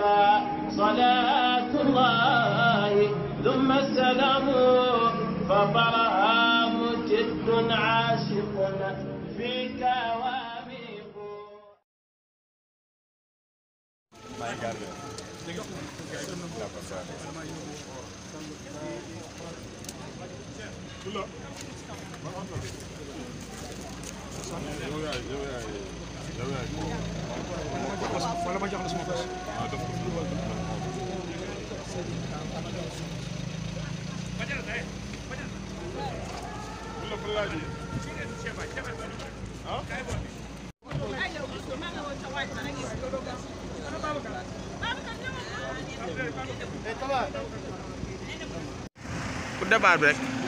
عليك صلاة الله ثم السلام فطرها مجد عاشق فيك واميق Yo voy a ir, yo voy a ir, yo voy a ir. wala ma jox la suma bos. ku dabaat rek.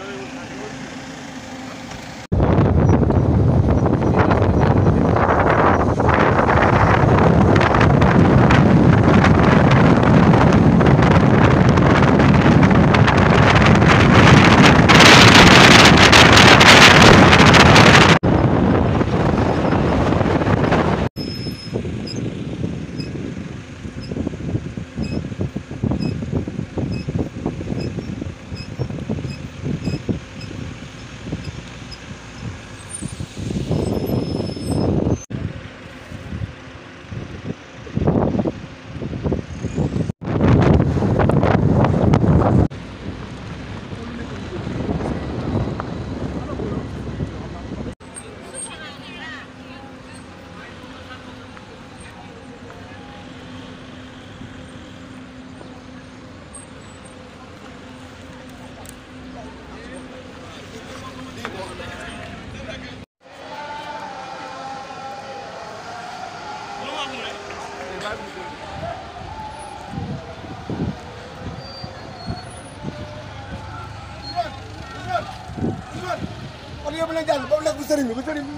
Au lieu bu leen jàll ba mu nekk bu sëriñ bi bu sëriñ bi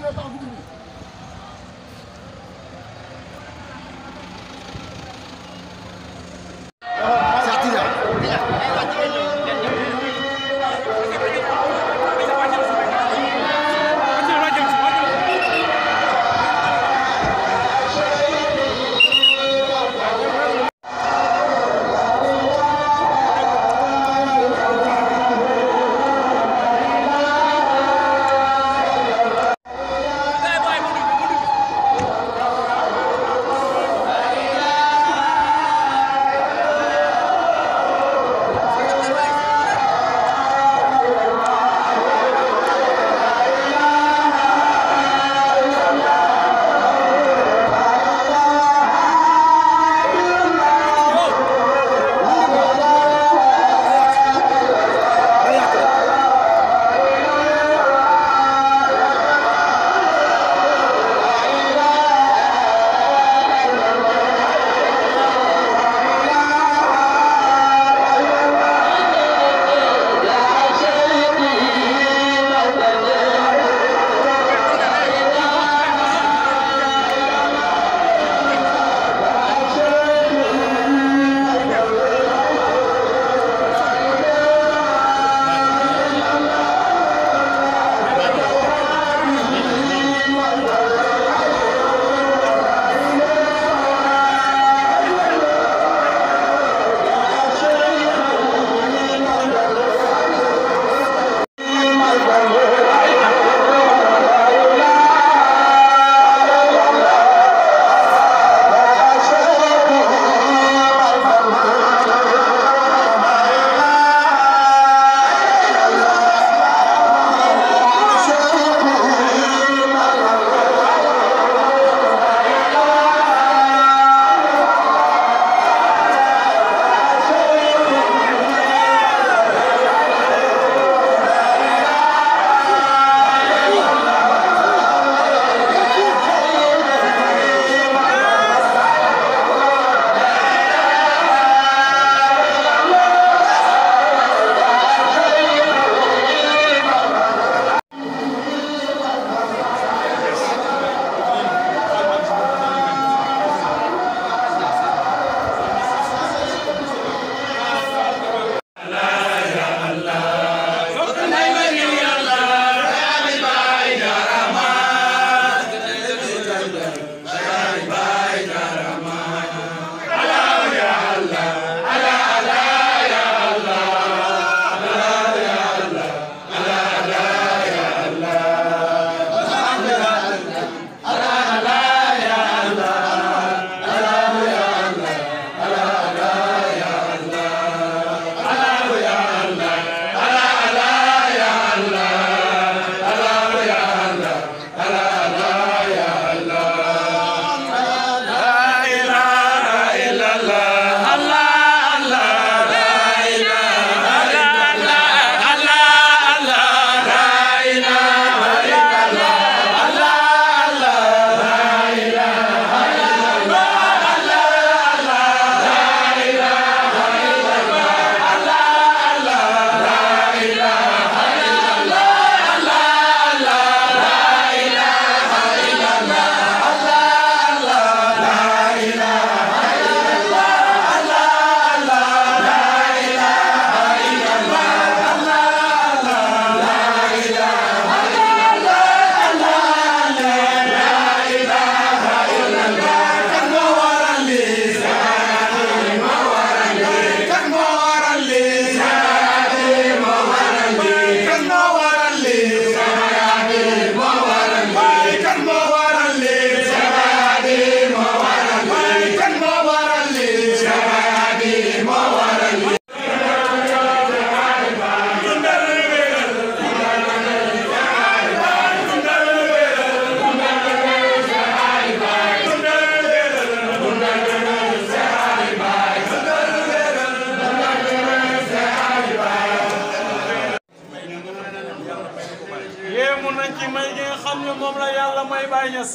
Baay Baay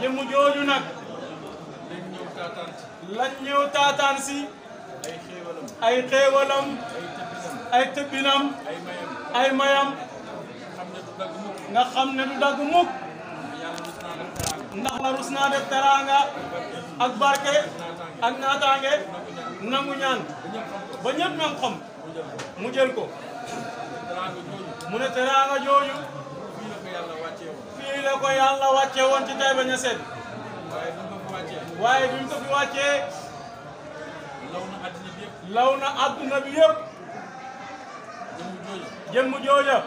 jëmm jooju nag lañ ñëw ay xéewalam ay tëbbinam ay mayam nga xam ne du dagg mukk ndax la rus naa def teraanga ak barke ak naataange nangu ñaan ba ñëpp ñam mu jël ko mu ne teraanga jooju bi la ko yàlla ci Taïba Niassène waaye bi mu ko fi law na adduna bi yëpp jooja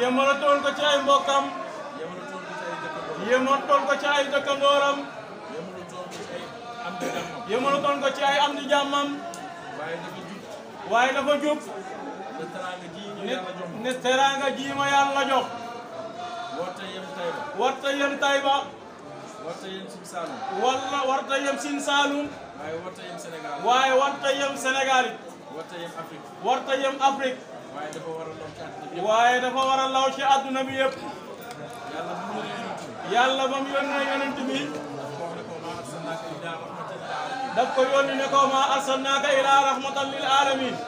yemalatoon ko ci mbokkam yemalatoon ko ci ay dëkkandooram yemalatoon ko ci ay am di jàmmam waaye dafa jub ne teraanga ji ma yàlla jox warta yem Tayba warta yem Tayba waaye warta yem Sénégal war a law waaye dafa war a law ci àdduna bi yëpp yàlla ba mu yónnee yonent bi ne ko ma arsalnaaka ila rahmatan lil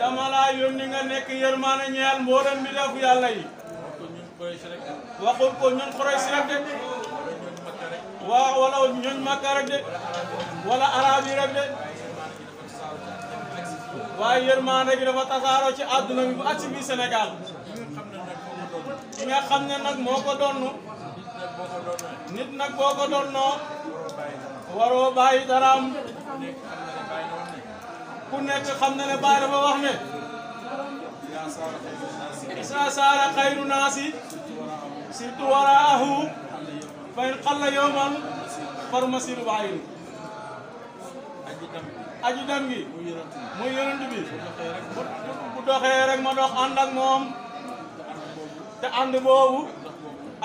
dama laa yónni nga nekk yërmaane ñeel mboolem bi def yàlla yi waxul ko ñun Quraysh rek de waa wala ñun Makka rek de wala arab rek de waaye yërmaane gi dafa tasaaroo ci àdduna bi bu agsi bi Sénégal ki nga xam ne nag moo ko donnu nit nag boo ko donnoo waroo bàyyi daraam ku nekk xam na ne Baay dafa wax ne isa saara xayru naasi surtout waraahu fa in xalla yowman farmasiru baayin aju dem gi muy yonent bi bu doxee rek ma dox ànd ak moom te ànd boobu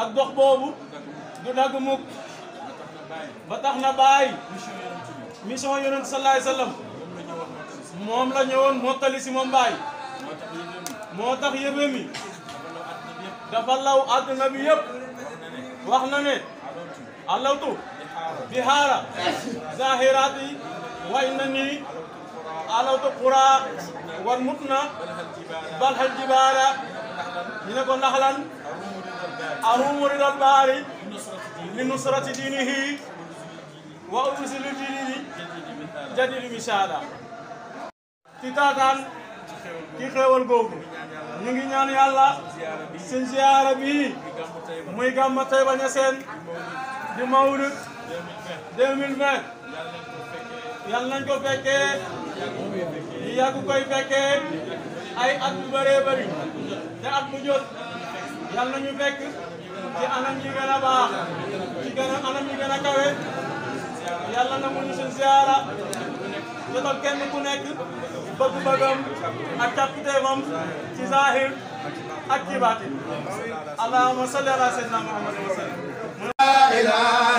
ak dox boobu du dagg ba tax na Baay mission yonent sallallahu alayhi wa moom la ñëwoon mottali si moom mbaay moo tax mi dafa law àdduna bi yëpp wax na ne alawtu bi haara zahirati way na nii alawtu qura wan mut jibaara ñu ne ko ndax lan arumu baari li nusrati diinihi wa ursili diinihi jadidi misaada ci taataan ci xéewal googu ñu ngi ñaan yàlla seen ziyaara bi muy gàmma Tayba Ñaseen di mawlud 2020 yal nañ ko fekkee ñu yàgg koy fekkee ay at bu bëree te at mu jot yal nañu fekk ci anam yi gën a baax ci gën a na mu ñu seen ziyaara kenn ku nekk bëgg-bëggam ak càkkuteefam ci zahir ak ci baatin allahumma salli ala sayyidina muhammad wa sallam